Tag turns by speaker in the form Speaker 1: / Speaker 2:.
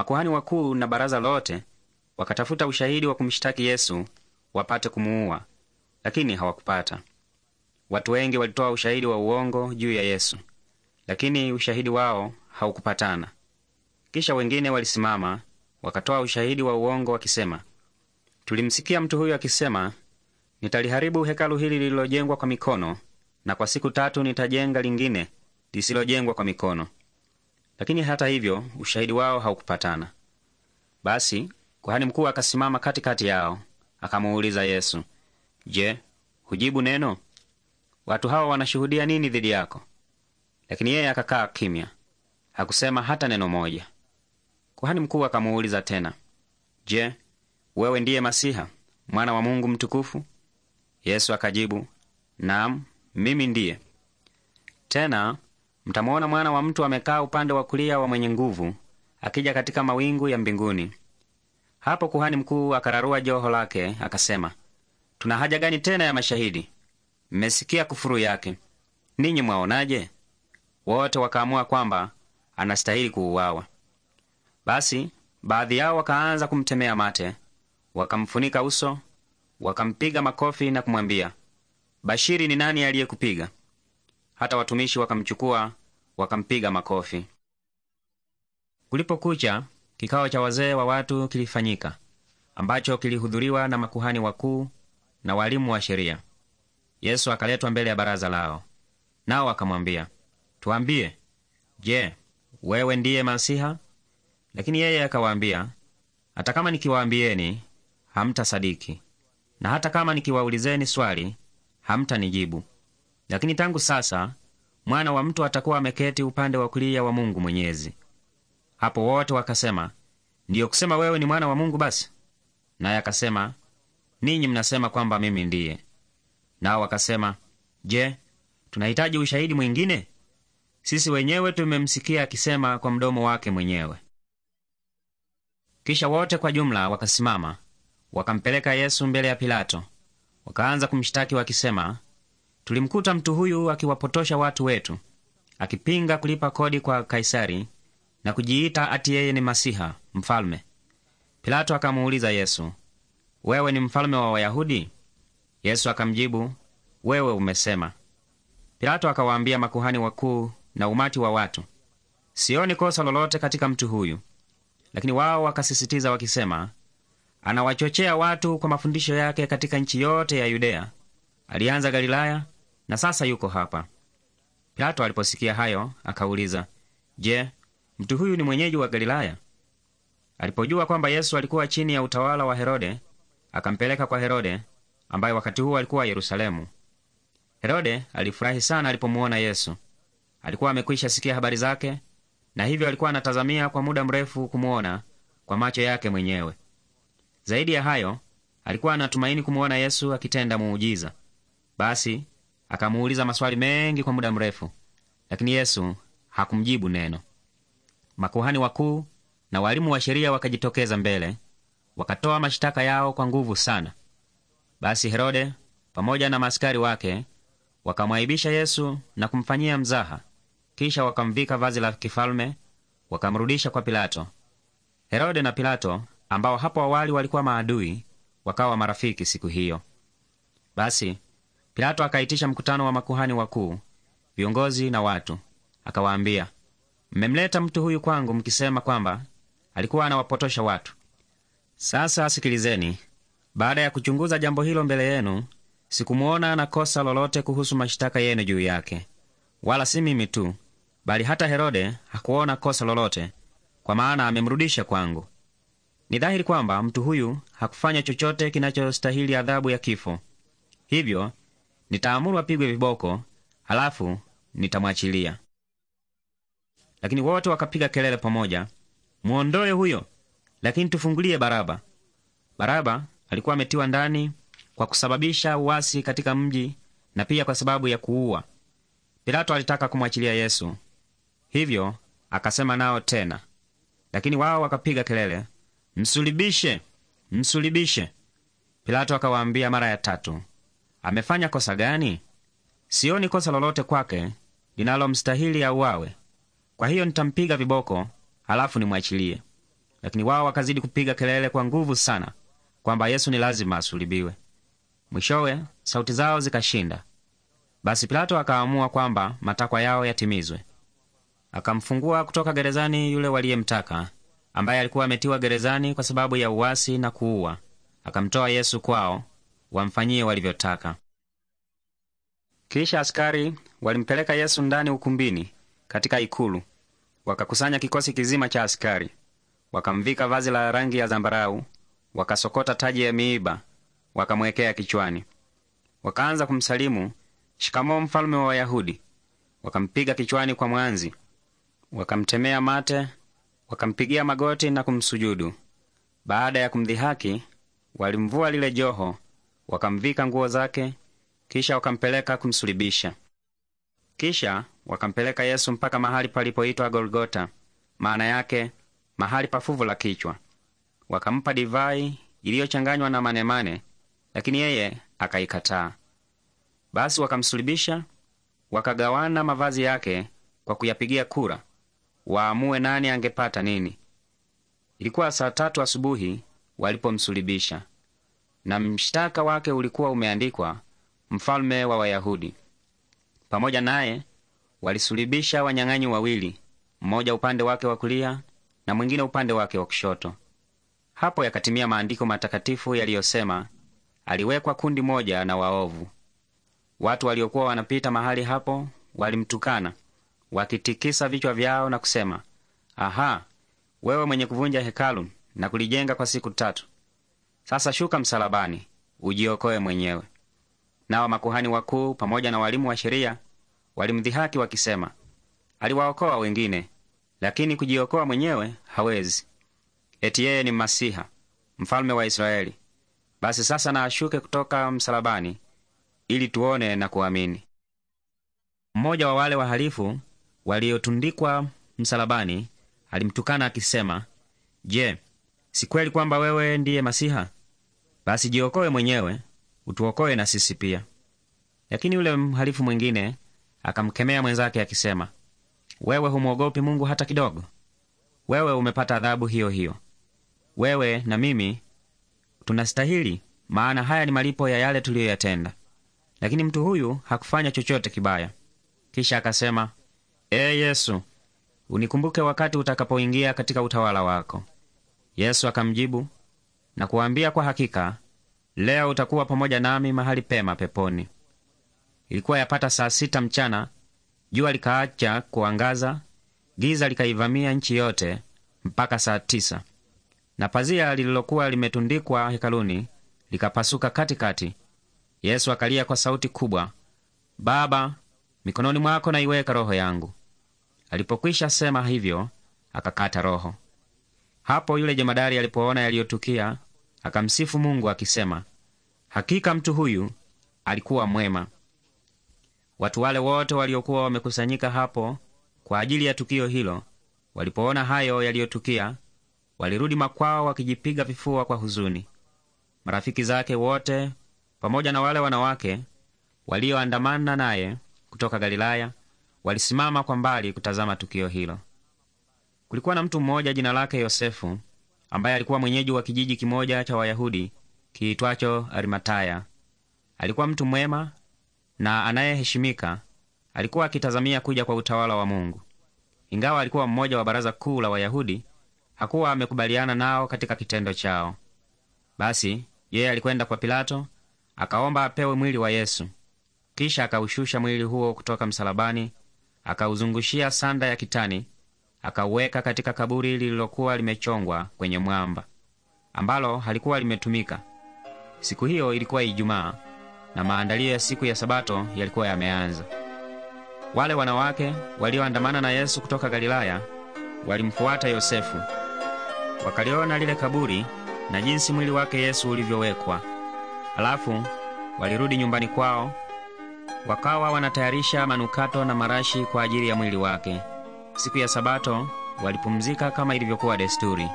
Speaker 1: Makuhani wakuu na baraza lote wakatafuta ushahidi wa kumshtaki Yesu wapate kumuua, lakini hawakupata. Watu wengi walitoa ushahidi wa uongo juu ya Yesu, lakini ushahidi wao haukupatana. Kisha wengine walisimama wakatoa ushahidi wa uongo wakisema, tulimsikia mtu huyu akisema, nitaliharibu hekalu hili lililojengwa kwa mikono na kwa siku tatu nitajenga lingine lisilojengwa kwa mikono. Lakini hata hivyo ushahidi wao haukupatana. Basi kuhani mkuu akasimama katikati yao akamuuliza Yesu, Je, hujibu neno? Watu hawa wanashuhudia nini dhidi yako? Lakini yeye akakaa kimya, hakusema hata neno moja. Kuhani mkuu akamuuliza tena, Je, wewe ndiye Masiha mwana wa Mungu mtukufu? Yesu akajibu, naam, mimi ndiye. Tena Mtamwona mwana wa mtu amekaa upande wa kulia wa mwenye nguvu, akija katika mawingu ya mbinguni. Hapo kuhani mkuu akararua joho lake akasema, tuna haja gani tena ya mashahidi? Mmesikia kufuru yake, ninyi mwaonaje? Wote wakaamua kwamba anastahili kuuawa. Basi baadhi yao wakaanza kumtemea mate, wakamfunika uso, wakampiga makofi na kumwambia, Bashiri, ni nani aliyekupiga? hata watumishi wakamchukua wakampiga makofi. Kulipokucha, kikao cha wazee wa watu kilifanyika ambacho kilihudhuriwa na makuhani wakuu na walimu wa sheria. Yesu akaletwa mbele ya baraza lao, nao akamwambia, tuambie, je, wewe ndiye Masiha? Lakini yeye akawaambia, hata kama nikiwaambieni hamtasadiki, na hata kama nikiwaulizeni swali hamtanijibu. Lakini tangu sasa mwana wa mtu atakuwa ameketi upande wa kulia wa Mungu Mwenyezi. Hapo wote wakasema, ndiyo kusema wewe ni mwana wa Mungu basi? Naye akasema, ninyi mnasema kwamba mimi ndiye. Nao wakasema, je, tunahitaji ushahidi mwingine? Sisi wenyewe tumemsikia akisema kwa mdomo wake mwenyewe. Kisha wote kwa jumla wakasimama, wakampeleka Yesu mbele ya Pilato, wakaanza kumshtaki wakisema, Tulimkuta mtu huyu akiwapotosha watu wetu, akipinga kulipa kodi kwa Kaisari na kujiita ati yeye ni Masiha, mfalme. Pilato akamuuliza Yesu, wewe ni mfalme wa Wayahudi? Yesu akamjibu, wewe umesema. Pilato akawaambia makuhani wakuu na umati wa watu, sioni kosa lolote katika mtu huyu. Lakini wao wakasisitiza wakisema, anawachochea watu kwa mafundisho yake katika nchi yote ya Yudea Alianza Galilaya na sasa yuko hapa. Pilato aliposikia hayo akauliza, Je, mtu huyu ni mwenyeji wa Galilaya? Alipojua kwamba Yesu alikuwa chini ya utawala wa Herode, akampeleka kwa Herode ambaye wakati huo alikuwa Yerusalemu. Herode alifurahi sana alipomuona Yesu. Alikuwa amekwisha sikia habari zake, na hivyo alikuwa anatazamia kwa muda mrefu kumuona kwa macho yake mwenyewe. Zaidi ya hayo, alikuwa anatumaini kumuona Yesu akitenda muujiza. Basi akamuuliza maswali mengi kwa muda mrefu, lakini Yesu hakumjibu neno. Makuhani wakuu na walimu wa sheria wakajitokeza mbele, wakatoa mashitaka yao kwa nguvu sana. Basi Herode pamoja na maaskari wake wakamwaibisha Yesu na kumfanyia mzaha. Kisha wakamvika vazi la kifalme, wakamrudisha kwa Pilato. Herode na Pilato, ambao hapo awali walikuwa maadui, wakawa marafiki siku hiyo. Basi Pilato akaitisha mkutano wa makuhani wakuu, viongozi na watu, akawaambia, mmemleta mtu huyu kwangu mkisema kwamba alikuwa anawapotosha watu. Sasa sikilizeni, baada ya kuchunguza jambo hilo mbele yenu, sikumuona na kosa lolote kuhusu mashitaka yenu juu yake. Wala si mimi tu, bali hata Herode hakuona kosa lolote, kwa maana amemrudisha kwangu. Ni dhahiri kwamba mtu huyu hakufanya chochote kinachostahili adhabu ya kifo. Hivyo Nitaamuru apigwe viboko, halafu nitamwachilia. Lakini wote wakapiga kelele pamoja, muondoe huyo, lakini tufungulie Baraba. Baraba alikuwa ametiwa ndani kwa kusababisha uasi katika mji na pia kwa sababu ya kuua. Pilato alitaka kumwachilia Yesu, hivyo akasema nao tena, lakini wao wakapiga kelele, msulibishe, msulibishe! Pilato akawaambia mara ya tatu, amefanya kosa gani? Sioni kosa lolote kwake linalomstahili auawe. Kwa hiyo nitampiga viboko, halafu nimwachilie. Lakini wao wakazidi kupiga kelele kwa nguvu sana kwamba Yesu ni lazima asulibiwe. Mwishowe sauti zao zikashinda. Basi Pilato akaamua kwamba matakwa yao yatimizwe. Akamfungua kutoka gerezani yule waliyemtaka, ambaye alikuwa ametiwa gerezani kwa sababu ya uwasi na kuua. Akamtoa Yesu kwao wamfanyie walivyotaka. Kisha askari walimpeleka Yesu ndani ukumbini katika ikulu, wakakusanya kikosi kizima cha askari, wakamvika vazi la rangi ya zambarau, wakasokota taji ya miiba, wakamwekea kichwani. Wakaanza kumsalimu, shikamoo, mfalume wa Wayahudi. Wakampiga kichwani kwa mwanzi, wakamtemea mate, wakampigia magoti na kumsujudu. Baada ya kumdhihaki, walimvua lile joho wakamvika nguo zake, kisha wakampeleka kumsulibisha. Kisha wakampeleka Yesu mpaka mahali palipoitwa Golgota, maana yake mahali pa fuvu la kichwa. Wakampa divai iliyochanganywa na manemane, lakini yeye akaikataa. Basi wakamsulibisha, wakagawana mavazi yake kwa kuyapigia kura, waamue nani angepata nini. Ilikuwa saa tatu asubuhi walipomsulibisha na mshtaka wake ulikuwa umeandikwa mfalme wa Wayahudi. Pamoja naye walisulibisha wanyang'anyi wawili, mmoja upande wake wa kulia na mwingine upande wake wa kushoto. Hapo yakatimia maandiko matakatifu yaliyosema, aliwekwa kundi moja na waovu. Watu waliokuwa wanapita mahali hapo walimtukana wakitikisa vichwa vyao na kusema, aha, wewe mwenye kuvunja hekalu na kulijenga kwa siku tatu, sasa shuka msalabani ujiokoe mwenyewe. Nao makuhani wakuu pamoja na walimu wa sheria walimdhihaki wakisema, aliwaokoa wengine, lakini kujiokoa mwenyewe hawezi. Eti yeye ni Masiha, mfalme wa Israeli. Basi sasa na ashuke kutoka msalabani ili tuone na kuamini. Mmoja wa wale wahalifu waliotundikwa msalabani alimtukana akisema, Je, si kweli kwamba wewe ndiye Masiha? Basi jiokoe mwenyewe, utuokoe na sisi pia. Lakini yule mhalifu mwingine akamkemea mwenzake akisema, wewe humwogopi Mungu hata kidogo? Wewe umepata adhabu hiyo hiyo. Wewe na mimi tunastahili, maana haya ni malipo ya yale tuliyoyatenda, lakini mtu huyu hakufanya chochote kibaya. Kisha akasema, Ee Yesu, unikumbuke wakati utakapoingia katika utawala wako. Yesu akamjibu na kuwaambia, kwa hakika leo utakuwa pamoja nami mahali pema peponi. Ilikuwa yapata saa sita mchana, jua likaacha kuangaza, giza likaivamia nchi yote mpaka saa tisa, na pazia lililokuwa limetundikwa hekaluni likapasuka katikati. Yesu akalia kwa sauti kubwa, Baba, mikononi mwako naiweka roho yangu. Alipokwisha sema hivyo, akakata roho. Hapo yule jemadari alipoona yaliyotukia, akamsifu Mungu akisema, hakika mtu huyu alikuwa mwema. Watu wale wote waliokuwa wamekusanyika hapo kwa ajili ya tukio hilo, walipoona hayo yaliyotukia, walirudi makwao wakijipiga vifua kwa huzuni. Marafiki zake wote pamoja na wale wanawake walioandamana naye kutoka Galilaya walisimama kwa mbali kutazama tukio hilo. Kulikuwa na mtu mmoja jina lake Yosefu, ambaye alikuwa mwenyeji wa kijiji kimoja cha Wayahudi kiitwacho Arimataya. Alikuwa mtu mwema na anayeheshimika, alikuwa akitazamia kuja kwa utawala wa Mungu. Ingawa alikuwa mmoja wa baraza kuu la Wayahudi, hakuwa amekubaliana nao katika kitendo chao. Basi yeye alikwenda kwa Pilato akaomba apewe mwili wa Yesu. Kisha akaushusha mwili huo kutoka msalabani, akauzungushia sanda ya kitani akauweka katika kaburi lililokuwa limechongwa kwenye mwamba ambalo halikuwa limetumika. Siku hiyo ilikuwa Ijumaa na maandalio ya siku ya Sabato yalikuwa yameanza. Wale wanawake walioandamana na Yesu kutoka Galilaya walimfuata Yosefu, wakaliona lile kaburi na jinsi mwili wake Yesu ulivyowekwa. alafu walirudi nyumbani kwao, wakawa wanatayarisha manukato na marashi kwa ajili ya mwili wake. Siku ya Sabato walipumzika kama ilivyokuwa desturi.